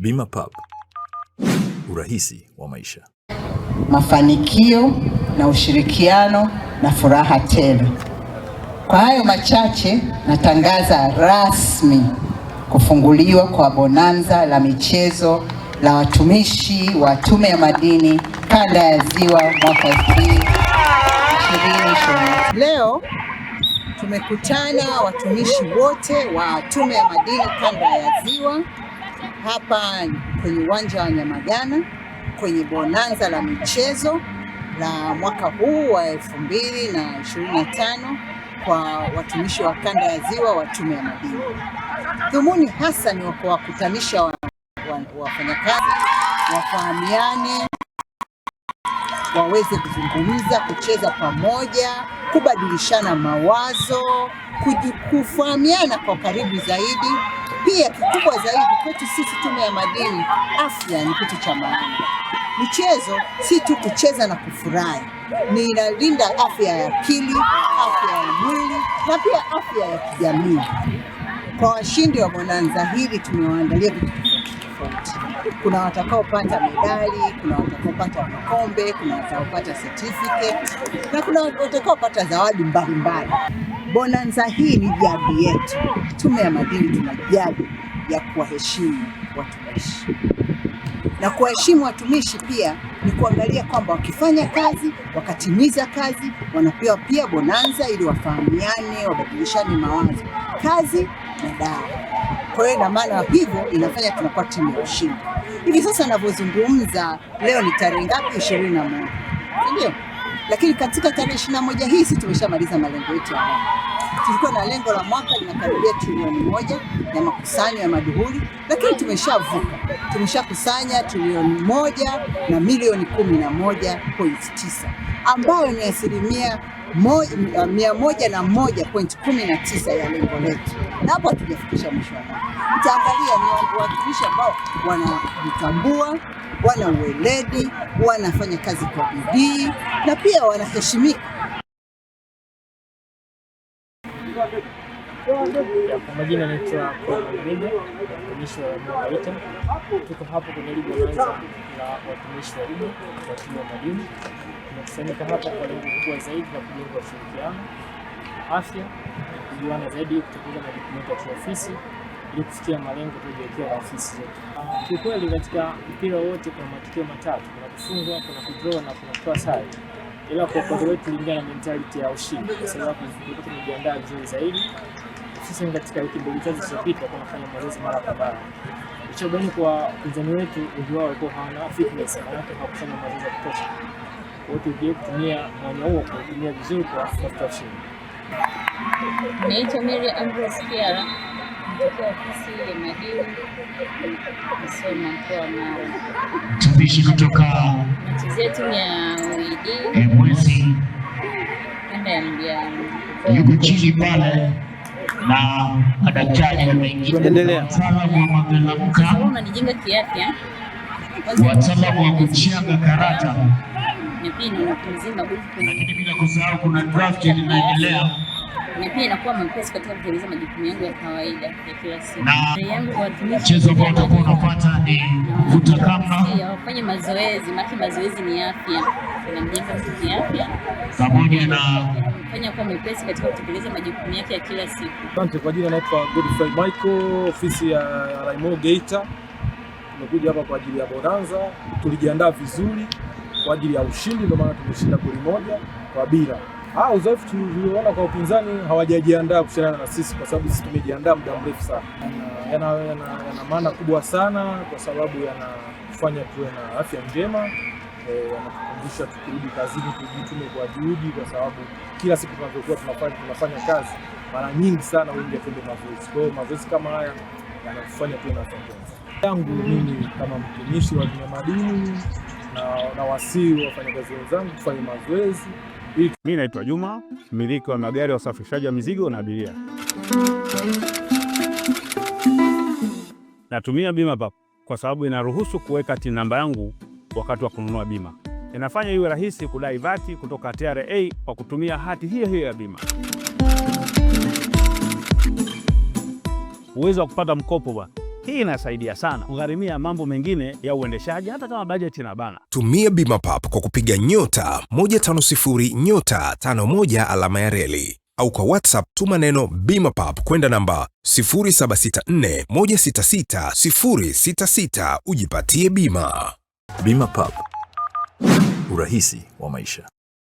Bima Pub, urahisi wa maisha, mafanikio na ushirikiano na furaha tele. Kwa hayo machache, natangaza rasmi kufunguliwa kwa bonanza la michezo la watumishi wa Tume ya Madini Kanda ya Ziwa mwaka 2020. Leo tumekutana watumishi wote wa Tume ya Madini Kanda ya Ziwa hapa kwenye uwanja wa Nyamagana kwenye bonanza la michezo la mwaka huu wa 2025 kwa watumishi wa kanda ya ziwa wa Tume ya Madini. Dhumuni hasa ni kuwakutanisha wafanyakazi wa, wa wafahamiane, waweze kuzungumza, kucheza pamoja, kubadilishana mawazo, kufahamiana kwa karibu zaidi pia kikubwa zaidi kwetu sisi Tume ya Madini, afya ni kitu cha maana. Michezo si tu kucheza na kufurahi, ni inalinda afya ya akili, afya ya mwili na pia afya ya kijamii. Kwa washindi wa bonanza hili tumewaandalia vitu tofauti tofauti. Kuna watakaopata medali, kuna watakaopata makombe kuna watakaopata certificate na kuna watakaopata zawadi mbalimbali. Bonanza hii ni jadi yetu. Tume ya Madini tuna jadi ya kuwaheshimu watumishi, na kuwaheshimu watumishi pia ni kuangalia kwamba wakifanya kazi, wakatimiza kazi, wanapewa pia bonanza ili wafahamiane, wabadilishane mawazo, kazi na dawa. Kwa hiyo ina maana hivyo inafanya tunakuwa timu ya ushindi. Hivi sasa ninavyozungumza leo ni tarehe ngapi? ishirini na moja, ndio lakini katika tarehe ishirini na moja hii si tumeshamaliza malengo yetu ya mwaka. Tulikuwa na lengo la mwaka linakaribia trilioni moja ya makusanyo ya maduhuli, lakini tumeshavuka, tumeshakusanya trilioni moja na milioni kumi na moja pointi tisa ambayo ni asilimia Uh, mia moja na moja point kumi na tisa ya lengo letu, na hapo hatujafikisha mwisho. Mtaangalia ni wawakilishi ambao wanajitambua, wana uweledi, wanafanya kazi kwa bidii na pia wanaheshimika. Kwa majina anaitwa Koaie, watumishi wa eneo la Tuko hapo kwenye ligo ya kwanza la watumishi wa umma wa shule ya Mwalimu tunakusanyika hapa kwa lengo kubwa zaidi la kujenga ushirikiano, afya, kujuana zaidi, kutekeleza majukumu yetu ya kiofisi ili kufikia malengo tuliyowekewa na ofisi zetu. Kiukweli, katika mpira wote kuna matukio matatu: kuna kufungwa, kuna kudraw na kuna kutoa sare, ila kwa upande wetu tulingana na mentality ya ushindi, kwa sababu tumejiandaa vizuri zaidi. Sisi katika wiki mbili tatu zilizopita tunafanya mazoezi mara kwa mara ichobaini kwa wapinzani wetu, wengi wao walikuwa hawana fitness, maanake hawakufanya mazoezi ya kutosha wote ujie kutumia mwanya huo kutumia vizuri kwa tafsiri. Naitwa Mary Ambrose Kiara mtoka ofisi ya madini Musoma mkoa wa Mara. Tupishi kutoka nachezea timu ya UID eh, Mwezi kanda ya Mbeya, yuko chini pale na madaktari wameingia. Endelea. Wataalamu wa kiafya, wataalamu wa kuchanga karata na pia matumizi magofu, lakini bila kusahau kuna draft inaendelea na pia inakuwa mwepesi katika kutekeleza majukumu yangu ya kawaida ya kila siku. Mchezo ambao utakuwa unapata ni wafanye mazoezi, maana mazoezi ni afya, inamjenga mtu kiafya, pamoja na kufanya kuwa mwepesi katika kutekeleza majukumu yake ya kila siku. Asante. Kwa jina naitwa Godfrey Michael, ofisi ya Raimo Geita. Tumekuja hapa kwa ajili ya bonanza, tulijiandaa vizuri kwa ajili ya ushindi, ndio maana tumeshinda goli moja kwa bila. Ah, uzoefu tuliona kwa upinzani hawajajiandaa kushindana na sisi, kwa sababu sisi tumejiandaa muda mrefu sana. Yana, yana, yana, maana kubwa sana kwa sababu yanafanya tuwe na afya njema e, yanatukumbusha tukirudi kazini tujitume kwa juhudi, kwa sababu kila siku tunavyokuwa tunafanya, tunafanya kazi mara nyingi sana wengi atende mazoezi. Kwa hiyo mazoezi kama haya yanatufanya tuwe na afya njema. Yangu mimi kama mtumishi wa kimamadini na, na wasii wafanyakazi wenzangu kufanya mazoezi. Mimi naitwa Juma, mmiliki wa magari ya usafirishaji wa mizigo na abiria. Natumia bima papo kwa sababu inaruhusu kuweka TIN namba yangu wakati wa kununua bima. Inafanya iwe rahisi kudai vati kutoka TRA kwa kutumia hati hiyo hiyo ya bima. Uwezo wa kupata mkopo bwana hii inasaidia sana kugharimia mambo mengine ya uendeshaji, hata kama bajeti ina bana. Tumia bima pap kwa kupiga nyota 150 nyota 51 alama ya reli au kwa WhatsApp tuma neno bima pap kwenda namba 0764166066 ujipatie bima. Bima pap, urahisi wa maisha.